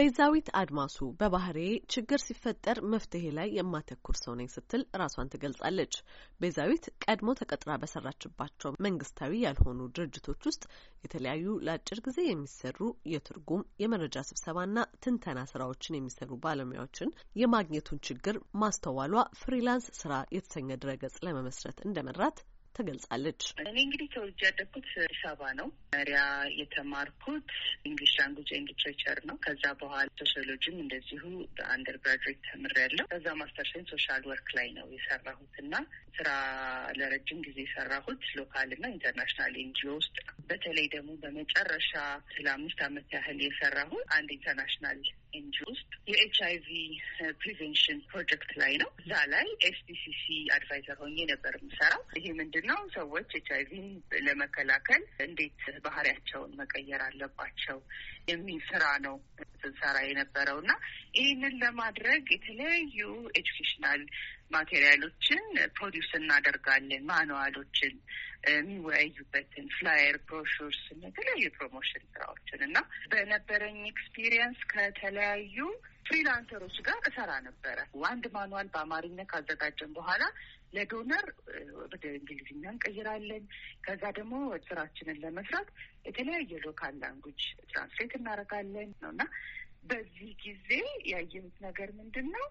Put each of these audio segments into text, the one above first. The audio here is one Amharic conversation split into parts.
ቤዛዊት አድማሱ በባህሬ ችግር ሲፈጠር መፍትሄ ላይ የማተኩር ሰው ነኝ ስትል ራሷን ትገልጻለች። ቤዛዊት ቀድሞ ተቀጥራ በሰራችባቸው መንግስታዊ ያልሆኑ ድርጅቶች ውስጥ የተለያዩ ለአጭር ጊዜ የሚሰሩ የትርጉም የመረጃ ስብሰባና ትንተና ስራዎችን የሚሰሩ ባለሙያዎችን የማግኘቱን ችግር ማስተዋሏ ፍሪላንስ ስራ የተሰኘ ድረገጽ ለመመስረት እንደመራት ትገልጻለች። እኔ እንግዲህ ተወልጄ ያደግኩት አዲስ አበባ ነው። መሪያ የተማርኩት እንግሊሽ ላንጉጅ ኤንድ ሊትሬቸር ነው። ከዛ በኋላ ሶሲዮሎጂም እንደዚሁ በአንደር ግራጅዌት ተምሬያለሁ። ከዛ ማስተርሴን ሶሻል ወርክ ላይ ነው የሰራሁት እና ስራ ለረጅም ጊዜ የሰራሁት ሎካል እና ኢንተርናሽናል ኤንጂኦ ውስጥ በተለይ ደግሞ በመጨረሻ ስለ አምስት ዓመት ያህል የሰራሁት አንድ ኢንተርናሽናል ኤንጂ ውስጥ የኤች አይ ቪ ፕሪቨንሽን ፕሮጀክት ላይ ነው። እዛ ላይ ኤስፒሲሲ አድቫይዘር ሆኜ ነበር የምሰራው። ይሄ ምንድን ነው ሰዎች ኤች አይ ቪን ለመከላከል እንዴት ባህሪያቸውን መቀየር አለባቸው የሚል ስራ ነው ስንሰራ የነበረው እና ይህንን ለማድረግ የተለያዩ ኤጁኬሽናል ማቴሪያሎችን ፕሮዲውስ እናደርጋለን። ማኑዋሎችን፣ የሚወያዩበትን ፍላየር፣ ብሮሹርስ፣ የተለያዩ ፕሮሞሽን ስራዎችን እና በነበረኝ ኤክስፒሪየንስ ከተለያዩ ፍሪላንሰሮች ጋር እሰራ ነበረ። አንድ ማኑዋል በአማርኛ ካዘጋጀን በኋላ ለዶነር ወደ እንግሊዝኛ እንቀይራለን። ከዛ ደግሞ ስራችንን ለመስራት የተለያየ ሎካል ላንጉጅ ትራንስሌት እናደርጋለን ነው እና በዚህ ጊዜ ያየሁት ነገር ምንድን ነው?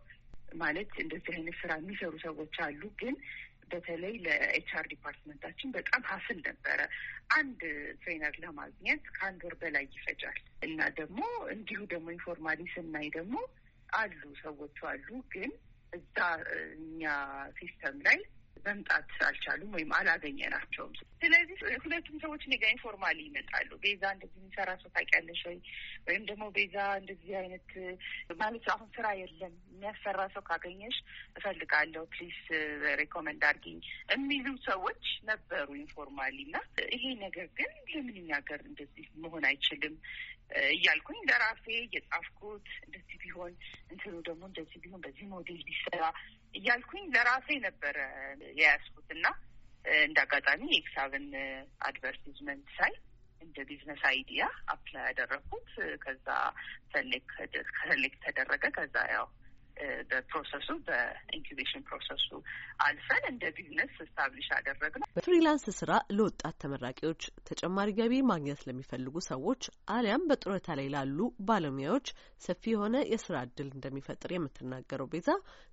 ማለት እንደዚህ አይነት ስራ የሚሰሩ ሰዎች አሉ። ግን በተለይ ለኤች አር ዲፓርትመንታችን በጣም ሀስል ነበረ። አንድ ትሬነር ለማግኘት ከአንድ ወር በላይ ይፈጃል እና ደግሞ እንዲሁ ደግሞ ኢንፎርማሊ ስናይ ደግሞ አሉ ሰዎቹ አሉ ግን እዛ እኛ ሲስተም ላይ መምጣት አልቻሉም ወይም አላገኘናቸውም። ስለዚህ ሁለቱም ሰዎች እኔ ጋ ኢንፎርማሊ ይመጣሉ። ቤዛ እንደዚህ የሚሰራ ሰው ታውቂያለሽ ወይ? ወይም ደግሞ ቤዛ እንደዚህ አይነት ማለት አሁን ስራ የለም የሚያሰራ ሰው ካገኘሽ እፈልጋለሁ ፕሊስ ሬኮመንድ አድርጊኝ የሚሉ ሰዎች ነበሩ ኢንፎርማሊ። እና ይሄ ነገር ግን ለምን እኛ ሀገር እንደዚህ መሆን አይችልም እያልኩኝ ለራሴ እየጻፍኩት እንደዚህ ቢሆን እንትኑ ደግሞ እንደዚህ ቢሆን በዚህ ሞዴል ቢሰራ እያልኩኝ ለራሴ ነበረ የያዝኩት እና እንደ አጋጣሚ የሂሳብን አድቨርቲዝመንት ሳይ እንደ ቢዝነስ አይዲያ አፕላይ ያደረግኩት። ከዛ ሰሌክት ተደረገ። ከዛ ያው በፕሮሰሱ በኢንኩቤሽን ፕሮሰሱ አልፈን እንደ ቢዝነስ ስታብሊሽ አደረግነው። በፍሪላንስ ስራ ለወጣት ተመራቂዎች፣ ተጨማሪ ገቢ ማግኘት ለሚፈልጉ ሰዎች አሊያም በጡረታ ላይ ላሉ ባለሙያዎች ሰፊ የሆነ የስራ እድል እንደሚፈጥር የምትናገረው ቤዛ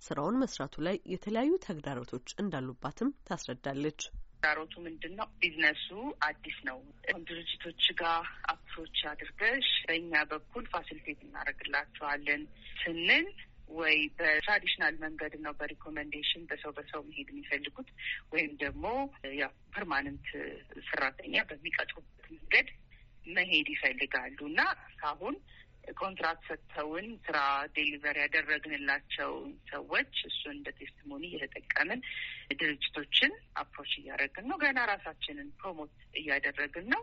ስራውን መስራቱ ላይ የተለያዩ ተግዳሮቶች እንዳሉባትም ታስረዳለች። ዳሮቱ ምንድን ነው? ቢዝነሱ አዲስ ነው። ድርጅቶች ጋር አፕሮች አድርገሽ በእኛ በኩል ፋሲሊቴት እናደርግላቸዋለን ስንል ወይ በትራዲሽናል መንገድ ነው በሪኮመንዴሽን በሰው በሰው መሄድ የሚፈልጉት ወይም ደግሞ ያው ፐርማነንት ሰራተኛ በሚቀጥሩበት መንገድ መሄድ ይፈልጋሉ እና እስካሁን ኮንትራክት ሰጥተውን ስራ ዴሊቨር ያደረግንላቸው ሰዎች እሱን እንደ ቴስቲሞኒ እየተጠቀምን ድርጅቶችን አፕሮች እያደረግን ነው። ገና ራሳችንን ፕሮሞት እያደረግን ነው።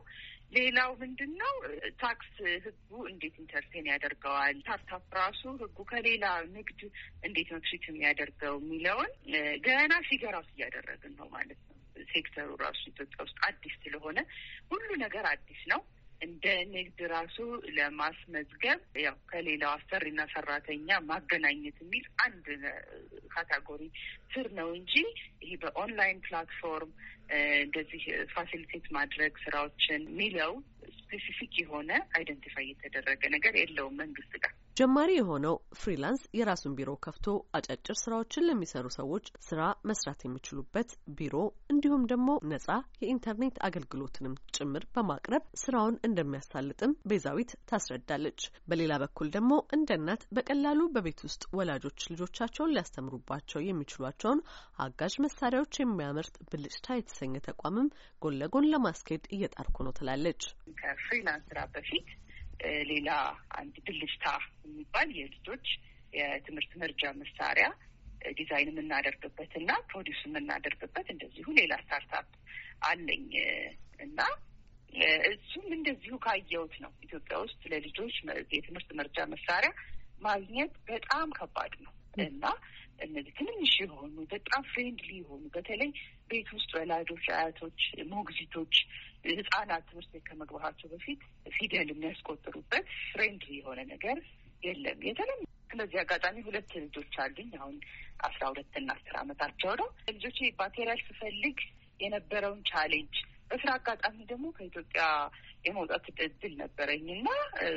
ሌላው ምንድን ነው ታክስ ህጉ እንዴት ኢንተርቴን ያደርገዋል፣ ስታርታፕ ራሱ ህጉ ከሌላ ንግድ እንዴት ነው ትሪት የሚያደርገው የሚለውን ገና ፊገር እያደረግን ነው ማለት ነው። ሴክተሩ ራሱ ኢትዮጵያ ውስጥ አዲስ ስለሆነ ሁሉ ነገር አዲስ ነው። እንደ ንግድ ራሱ ለማስመዝገብ ያው ከሌላው አሰሪና ሰራተኛ ማገናኘት የሚል አንድ ካታጎሪ ስር ነው እንጂ ይሄ በኦንላይን ፕላትፎርም እንደዚህ ፋሲሊቴት ማድረግ ስራዎችን የሚለው ስፔሲፊክ የሆነ አይደንቲፋይ የተደረገ ነገር የለውም መንግስት ጋር። ጀማሪ የሆነው ፍሪላንስ የራሱን ቢሮ ከፍቶ አጫጭር ስራዎችን ለሚሰሩ ሰዎች ስራ መስራት የሚችሉበት ቢሮ እንዲሁም ደግሞ ነጻ የኢንተርኔት አገልግሎትንም ጭምር በማቅረብ ስራውን እንደሚያሳልጥም ቤዛዊት ታስረዳለች። በሌላ በኩል ደግሞ እንደ እናት በቀላሉ በቤት ውስጥ ወላጆች ልጆቻቸውን ሊያስተምሩባቸው የሚችሏቸውን አጋዥ መሳሪያዎች የሚያመርት ብልጭታ የተሰኘ ተቋምም ጎን ለጎን ለማስኬድ እየጣርኩ ነው ትላለች። ከፍሪላንስ ስራ በፊት ሌላ አንድ ብልጭታ የሚባል የልጆች የትምህርት መርጃ መሳሪያ ዲዛይን የምናደርግበት እና ፕሮዲስ የምናደርግበት እንደዚሁ ሌላ ስታርታፕ አለኝ እና እሱም እንደዚሁ ካየሁት ነው። ኢትዮጵያ ውስጥ ለልጆች የትምህርት መርጃ መሳሪያ ማግኘት በጣም ከባድ ነው። እና እነዚህ ትንንሽ የሆኑ በጣም ፍሬንድሊ የሆኑ በተለይ ቤት ውስጥ ወላጆች፣ አያቶች፣ ሞግዚቶች ህጻናት ትምህርት ቤት ከመግባታቸው በፊት ፊደል የሚያስቆጥሩበት ፍሬንድሊ የሆነ ነገር የለም የተለም ስለዚህ አጋጣሚ ሁለት ልጆች አሉኝ። አሁን አስራ ሁለት እና አስር አመታቸው ነው። ልጆች ባቴሪያል ስፈልግ የነበረውን ቻሌንጅ በስራ አጋጣሚ ደግሞ ከኢትዮጵያ የመውጣት እድል ነበረኝ እና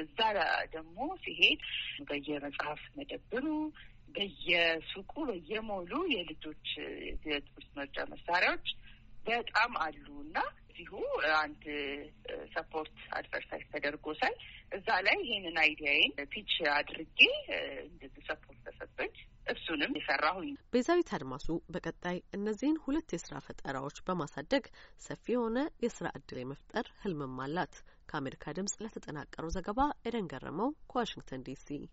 እዛ ደግሞ ሲሄድ በየመጽሐፍ መደብሩ በየሱቁ በየሞሉ የልጆች የትምህርት መርጃ መሳሪያዎች በጣም አሉ እና እዚሁ አንድ ሰፖርት አድቨርታይዝ ተደርጎ ሳይ እዛ ላይ ይሄንን አይዲያዬን ፒች አድርጌ እንደዚህ ሰፖርት ተሰጠኝ። እሱንም የሰራሁኝ ቤዛዊት አድማሱ በቀጣይ እነዚህን ሁለት የስራ ፈጠራዎች በማሳደግ ሰፊ የሆነ የስራ እድል የመፍጠር ህልምም አላት። ከአሜሪካ ድምጽ ለተጠናቀረው ዘገባ ኤደን ገረመው ከዋሽንግተን ዲሲ